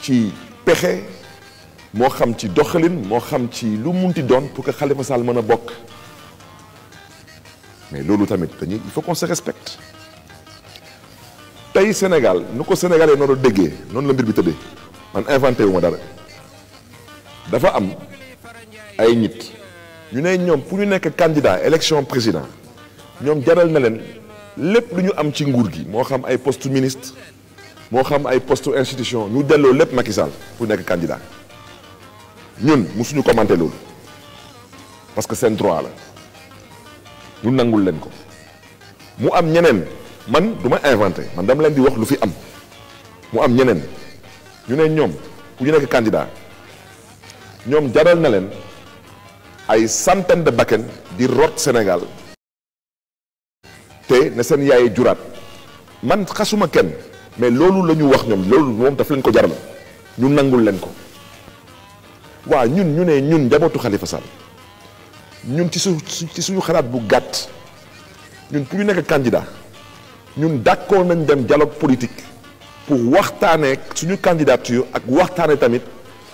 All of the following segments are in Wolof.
ci pexe moo xam ci doxalin moo xam ci lu pour que Khalifa Sall mën a mais tamit il faut qu'on se respecte tey Sénégal nu sénégalais nous déggee noonu la mbir bi tëddee man inventé wu ma dara dafa am ay ñu candidat élection président Nous jaral na leen lépp lu am ci nguur gi xam ministre moo xam ay poste institution ñu delloo lépp Macky Sall nekk candidat ñun musuñu commenté loolu parce que seen droit la ñu nangul leen ko mu am ñeneen man duma ma inventé man dama leen di wax lu fi am mu am ñeneen ñu ne ñoom ku ñu nekk candidat ñoom jaral na leen ay centaine de bakken di rot Sénégal te ne seen yaay juraat man xasuma kenn mais loolu la ñu wax ñoom loolu moom daf leen ko jaral ñu nangul leen ko waaw ñun ñu ne ñun njabootu Khalifa Sall ñun ci su ci suñu xalaat bu gàtt ñun pour ñu nekk candidat ñun d'accord nañ dem dialogue politique pour waxtaanee suñu candidature ak waxtaanee tamit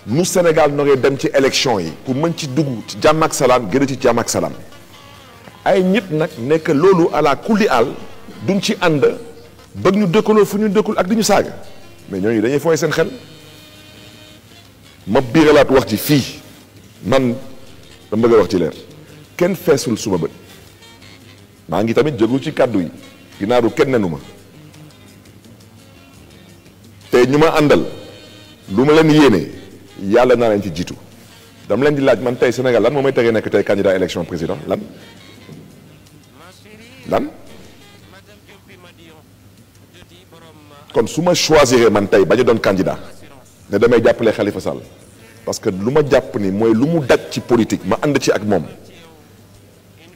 mu Sénégal nogee dem ci élection yi pour mën ci dugg ci jàmm ak salaam gën ci jàmm ak salaan ay ñit nag nekk loolu ala kulli àll duñ ci ànd bëgg ñu dëkkaloo fu ñu dëkkul ak di ñu saaga mais ñooñu dañuy fooy seen xel ma biiralaat wax ci fii man dama bëgg wax ci leer kenn feesul suma bët maa ngi tamit jógul ci kàddu yi ginnaaru kenn nenu ma te ñu ma àndal lu ma leen yéene yàlla naa leen ci jiitu dama leen di laaj man tey Sénégal lan moo may tegee nekk tey candidat élection président lan lan comme su ma choisiré man tey bañ candidat ne damay jàppale Khalifa Sall parce que lu ma jàpp ni mooy lu mu ci politique ma ànd ci ak moom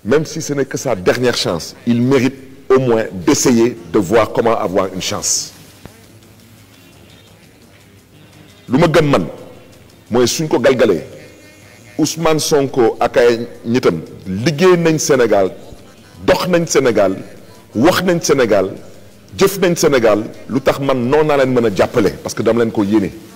même si ce n'est que sa dernière chance il mérite au moins d'essayer de voir comment avoir une chance lu ma gëm man mooy suñ ko galgalee Ousmane Sonko ak ils ñitam travaillé nañ Sénégal dox nañ Sénégal wax nañ Sénégal je suis Sénégal je man parce que je suis ko